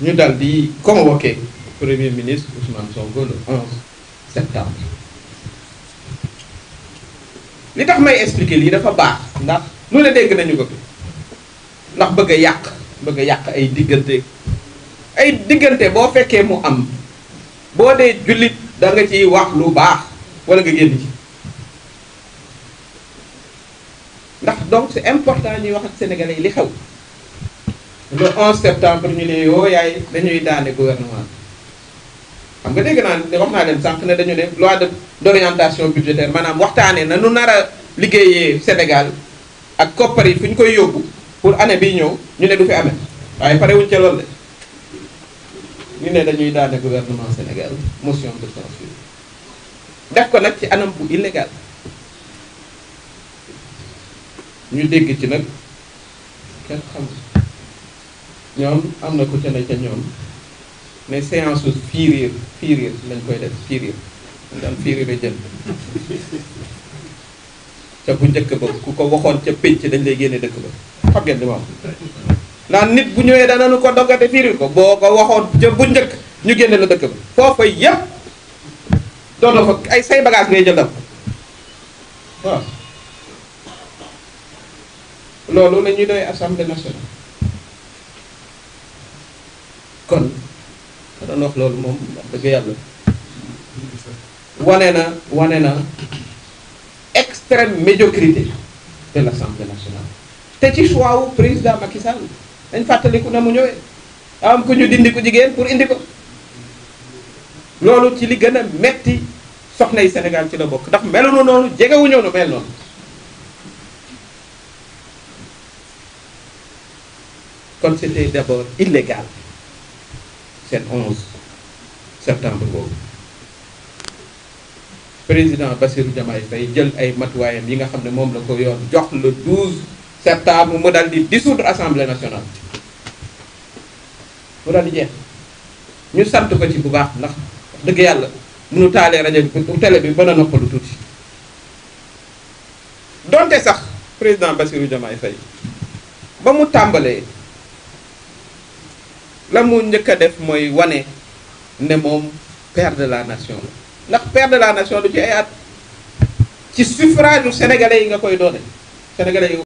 ñu dal di convoqué premier ministre Ousmane Sonko le 11 septembre li tax may expliquer lii dafa baax ndax lu ne dégg nañu ko fi ndax bëgg a yàq bëgg a yàq ay diggante ay diggante boo fekkee mu am boo dee jullit da nga ciy wax lu baax walla nga génn ci ndax donc c'est important ñuy wax ak sénégalais yi li xew le 11 septembre ñu ne yoo yaay dañuy daane gouvernement xam nga dégg naa ne wax naa leen sànq ne dañu ne loi d'orientation budgétaire maanaam waxtaanee na nu nara a liggéeyee Sénégal ak koppar yi fu ñu koy yóbbu pour année bii ñëw ñu ne du fi amee waaye pare wuñ ca loolu de ñu ne dañuy daane gouvernement Sénégal motion def ko nag ci anam bu illégal ñu dégg ci nag kenn xamul. ñoom am na ku ca ne ca ñoom ne séance su fiiriir fiiriir lañ koy def fiiriir dañ daan fiiriir ca bu njëkk ba ku ko waxoon ca pénc dañ lay génne dëkk ba xam ngeen li ma wax ndax nit bu ñëwee danañu ko doggate fiiriir ko boo ko waxoon ca bu njëkk ñu génne la dëkk ba foofa yépp dootoo ko ay say bagage ngay jël daf waaw loolu lañuy ñuy doy assemblée kon nga doon wax loolu moom dëgg yàlla wane na wane na extrême médiocrité de l'Assemblée nationale te ci choix wu président Macky Sall dañ fàttaliku na mu ñëwee am ku ñu dindi ku jigéen pour indi ko loolu ci li gën a metti soxna yi Sénégal ci la bokk ndax melunu noonu jegewuñu noonu mel noonu kon c'était d'abord illégal seen 11 septembre boobu président Bassirou Diomaye Faye jël ay matuwaayam yi nga xam ne moom la ko yoon jox le 12 septembre mu dal di dissoudre assemblée nationale mu dal di jeex ñu sant ko ci bu baax ndax dëgg yàlla munu taalee rajo bi télé bi mën a noppalu tuuti donte sax président Bassirou jamaay fay ba mu tàmbalee. la mu njëkk a def mooy wane ne moom père de la nation la ndax père de la nation du ci ay at ci suffrage u sénégalais yi nga koy doone sénégalais yi